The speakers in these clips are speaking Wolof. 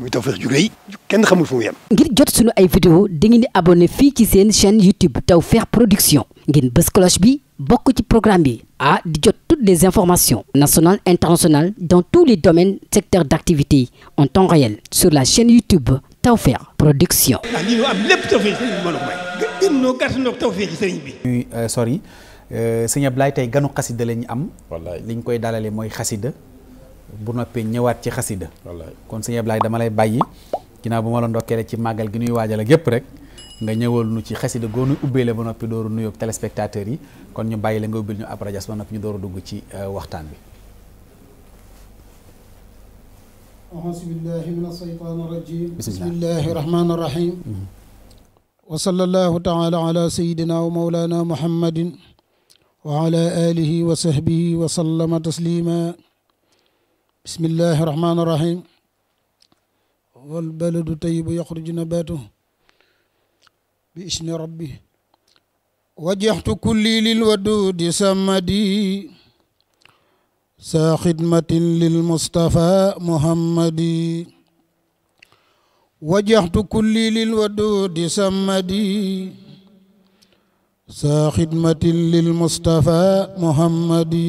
muy Tawfekh ju rëy kenn xamul fu mu ngir jot sunu ay vidéo dangeen di abonné fii ci seen chaîne YouTube Tawfekh Production ngeen bës cloche bi bokk ci programme bi ah di jot toutes des informations nationales internationales dans tous les domaines secteurs d'activité en temps réel sur la chaîne YouTube Tawfekh Production. ah lii am lépp Tawfekh sëriñ bi may. gën noo euh, euh, tey ganu xasida la ñu am. wallaay li koy dalalee mooy xasida bu noppee ñëwaat ci xasida kon sëñ Ablaye dama lay bàyyi ginnaaw bu ma la ndokkeele ci màggal gi nuy waajal ak yépp rek nga ñëwal nu ci xasida goo nu ubbee la ba noppi dooru nuyoog téléspectateurs yi kon ñu bàyyi la nga ubbil ñu ab rajas ba noppi ñu dooru dugg ci euh, waxtaan bi auzu billahi min ashaytaani wa sallallahu taala ala sayidina wa maulana muhammadin bismillahi rahmaani rahim wal baladu tayyibu yaxruju nabaatuhu bi isni rabbi wajjahtu kulli lil waduudi samadi saa xidmatin lil Mustafa Muhammadi wajjahtu kulli lil waduudi samadi saa xidmatin lil Mustafa Muhammadi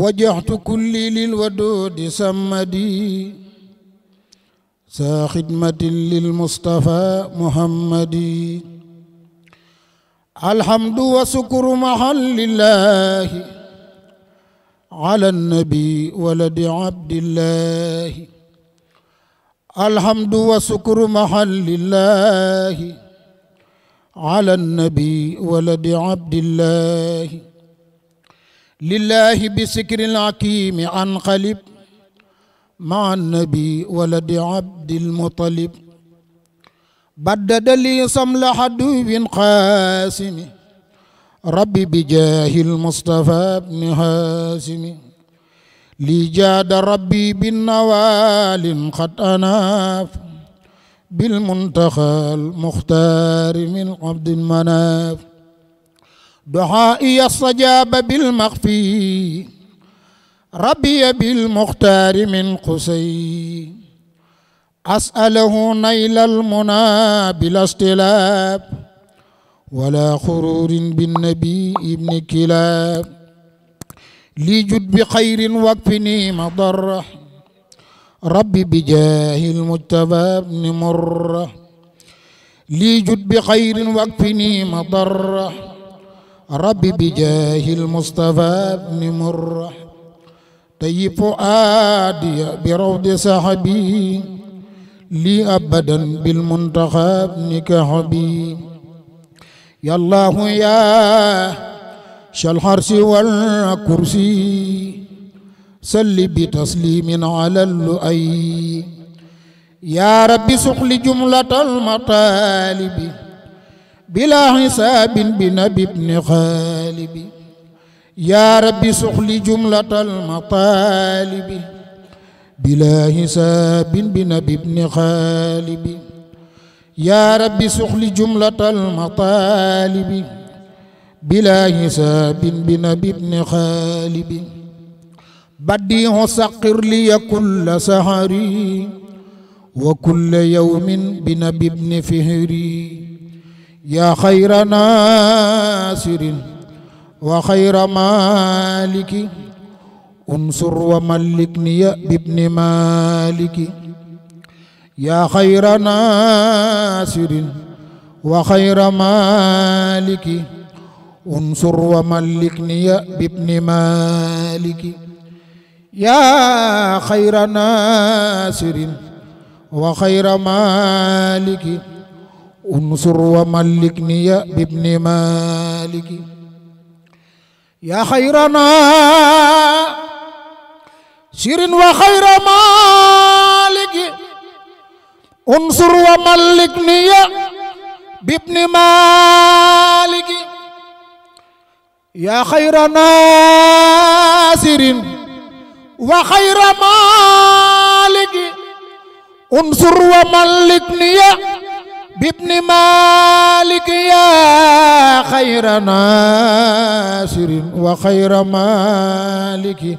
wajaxtu kulli lil wadoodi sammadi saa xidmatin lil mustapha muhammadi alhamdu wa sukuru mahallillahi ala nabi waladi abdillahi alhamdu wa sukuru mahallillahi ala nabi waladi abdillahi lillahi bi sikril hakimi an qalib ma nabi waladi abdil muttalib baddada li samla haduwin qasimi rabbi bi jaahil mustafa bni haasimi li jaada rabbi bin nawalin qad anaaf bil muntaxal muxtaari min abdil manaaf دعائي الصجاب بالمخفي ربي بالمختار من قسي أسأله نيل المنى بلا استلاب ولا خرور بالنبي ابن كلاب لي جد بخير واكفني مضره ربي بجاه المجتبى ابن مره لي جد بخير واكفني مضره رب بجاه المصطفى بن مره طيب فؤادي بروض صاحبي لي أبدا بالمنتخب نكحبي يا الله يا شالحرس والكرسي سل بتسليم على اللؤي يا رب سخل جملة المطالب bila xisaabin bi nabi bni xaalibi yaa rabbi suxli jumlatal mataalibi bila xisaabin bi nabi bni xaalibi yaa rabbi suxli jumlatal mataalibi bila xisaabin bi nabi bni xaalibi badiixu saqir liya kulla sahari wa kulla yawmin bi nabi bni fihri yaa xayra naasirin wa xayra maaliki unsur wa malik niya bibni maliki yaa xayra naasirin wa xayra maaliki unsur wa malik niya bibni maliki yaa xayra naasirin wa xayra maaliki unsur wa malikniya bibni maliki yaa xayrana sirin wa xayra maliki unsur wa malikniya bibni maliki yaa xayra nasirin wa xayra maliki unsur wa malikniya بابن مالك يا خير ناصر وخير مالك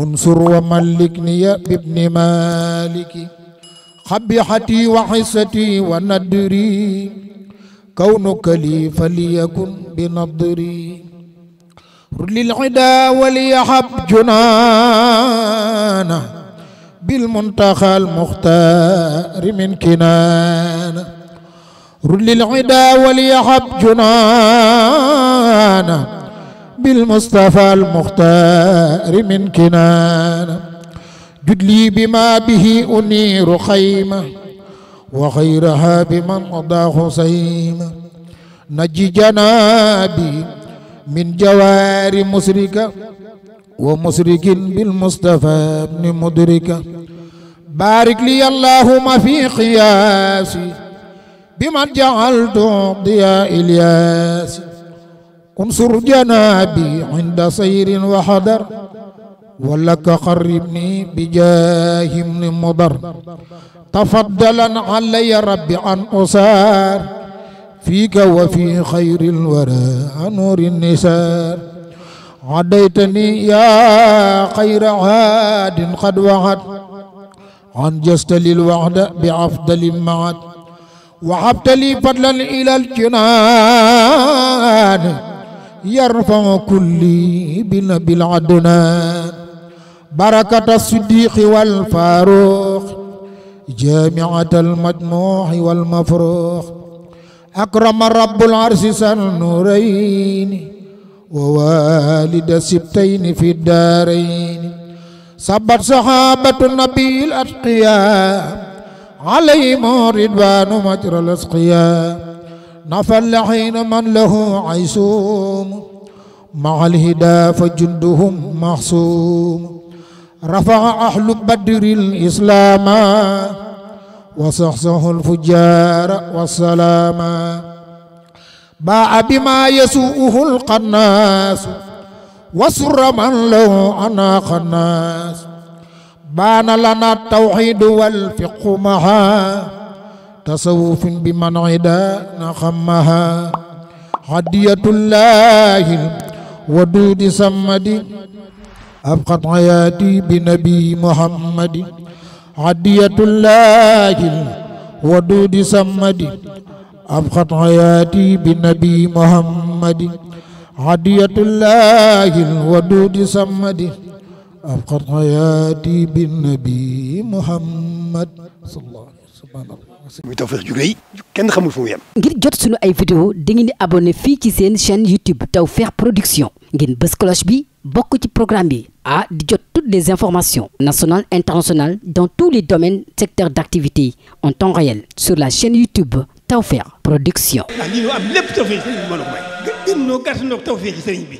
انصر وملكني بابن مالك قبيحتي وحصتي وندري كونك لي فليكن بنظري رل العدا وليحب جنانه بالمنتخى المختار من كنان رد للعدا وليحب جنان بالمصطفى المختار من كنان جد لي بما به أنير خيمة وخيرها بمن قضى خصيمة نجي جنابي من جوار مسرقة ومسرك بالمصطفى ابن مدركة بارك لي اللهم في قياسي بمن جعلت ضياء الياس انصر جنابي عند سير وحضر ولك قربني بجاه من مضر تفضلا علي ربي أن أصار فيك وفي خير الورى نور النسار هديتني يا خير هاد قد وعد أنجزت لي الوعد بأفضل معد وهبت لي فضلا إلى الجنان يرفع كلي بنبي العدنان بركة الصديق والفاروق جامعة المجموع والمفروق أكرم رب العرش ذا النورين ووالد سبتين في الدارين صبت صحابة النبي الأتقياء عليهم رضوان مجرى الأسقياء نفى اللحين من له عيسوم مع الهدى فجندهم محسوم رفع أهل بدر الإسلام وصحصه الفجار والسلام baa bima yasuuhu alqannaas wasura man law ana xannaas baana lana tawxiidu walfiqu maha tasawufin bi man ida na xammaha hadiyatullahi waduudi sammadi abqat hayaati bi nabi muhammadi hadiyatullahi waduudi sammadi أبخت حياتي بنبي محمد عدية الله الودود سمد أبخت حياتي بالنبي محمد صلى الله عليه وسلم muy Tawfekh ju rëy ngir jot sunu ay vidéo dangeen di abonné fii ci seen chaîne YouTube Tawfekh Production ngeen bës cloche bi bokk ci programme bi ah di jot toutes les informations national internationales dans tous les domaines secteurs d'activité en temps réel sur la chaîne YouTube Tawfekh Production. ah lii am lépp tawfeex sëriñ bi mën a may. gën noo gàtt noo tawfeex sëriñ bi.